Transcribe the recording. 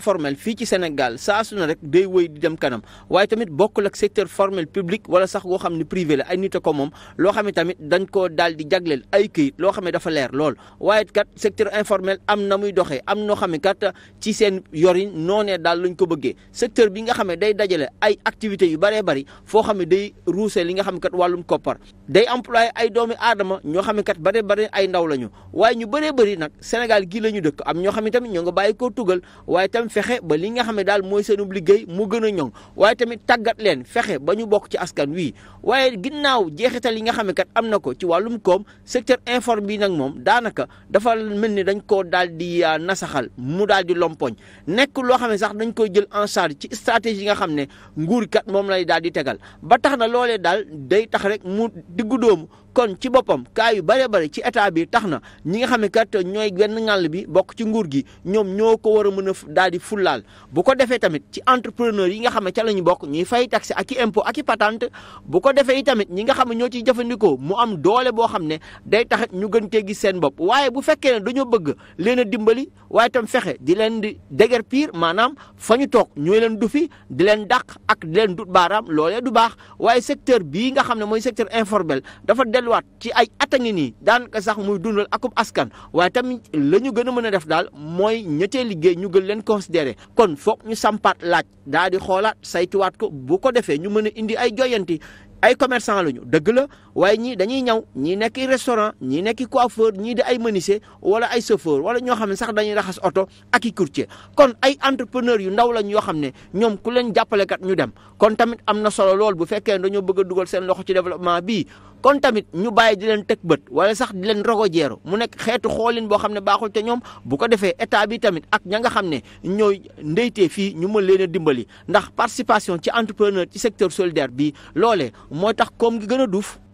formel fii ci Sénégal saa su ne rek day wëy di dem kanam waaye tamit bokkul ak secteur formel public wala sax goo xam ne privé la ay nit a ko moom loo xam ne tamit dañ koo daal di jagleel ay këyit loo xam ne dafa leer lool. waaye kat secteur informel am na muy doxee am noo xam ne kat ci seen yorin noonee daal lañ ko bëggee secteur bi nga xam ne day dajale ay activité yu bare bëri foo xam ne day ruusee li nga xam ne kat wàllum koppar day employé ay doomi aadama ñoo xam ne kat ay ndaw la ñu waaye ñu bëree bëri nag Sénégal la dëkk am ñoo xam ne tamit ñoo fexe ba li nga xam ne daal mooy seenub liggéey mu gën a ñoŋ waaye tamit tàggat leen fexe ba ñu bokk ci askan wi waaye ginnaaw jeexital yi nga xam ne kat am na ko ci wàllum koom secteur informe bi nag moom daanaka dafa mel ni dañ koo daal di ah, nasaxal mu daal di lompoñ nekk loo xam ne sax dañ koy jël en charge ci stratégie yi nga xam ne nguur kat moom lay daal di tegal ba tax na loole daal day tax rek mu diggu doomu kon ci boppam cas yu bare bare ci état bi tax na ñi nga xam ne kat ñooy benn ngàll bi bokk ci nguur gi ñoom ñoo ko war a mën a daal di fulaal bu ko defee tamit ci entrepreneur yi nga xam ne ca la ñu bokk ñuy fay taxe ak i impôt ak i patente bu ko defee tamit ñi nga xam ne ñoo ciy jëfandikoo mu am doole boo xam ne day tax ñu gën cee gis seen bopp waaye bu fekkee ne dañoo bëgg leen a dimbali waaye tam fexe di leen di déguerpir maanaam fa ñu toog ñooy leen du fi di leen dàq ak leen dut baaraam loolee du baax waaye secteur bii nga xam ne mooy secteur informel delluwaat ci ay at a ngi nii daanaka sax muy dundal akub askan waaye tamit la ñu gën a mën a def daal mooy ñettee liggéey ñu gën leen considéré kon foog ñu sampaat laaj daal di xoolaat saytuwaat ko bu ko defee ñu mën a indi ay joyanti ay commerçant lañu dëgg la waaye ñii dañuy ñaw ñii nekk restaurant ñii nekk coiffeur ñii de ay menuisier wala ay chauffeur wala ñoo xam ne sax dañuy raxas oto ak i courtier kon ay entrepreneur yu ndaw lañ yoo xam ne ñoom ku leen jàppalekat ñu dem kon tamit am na solo lool bu fekkee dañoo bëgg dugal seen loxo ci développement bii kon tamit ñu bàyyi di leen teg bët wala sax di leen rogo jeeru mu nekk xeetu xoolin boo xam ne baaxul te ñoom bu ko defee état bi tamit ak ña nga xam ne ñooy ndeytee fii ñu mën leen a dimbali ndax participation ci entrepreneur ci secteur solidaire bi loole mooy tax koom gi gën a duuf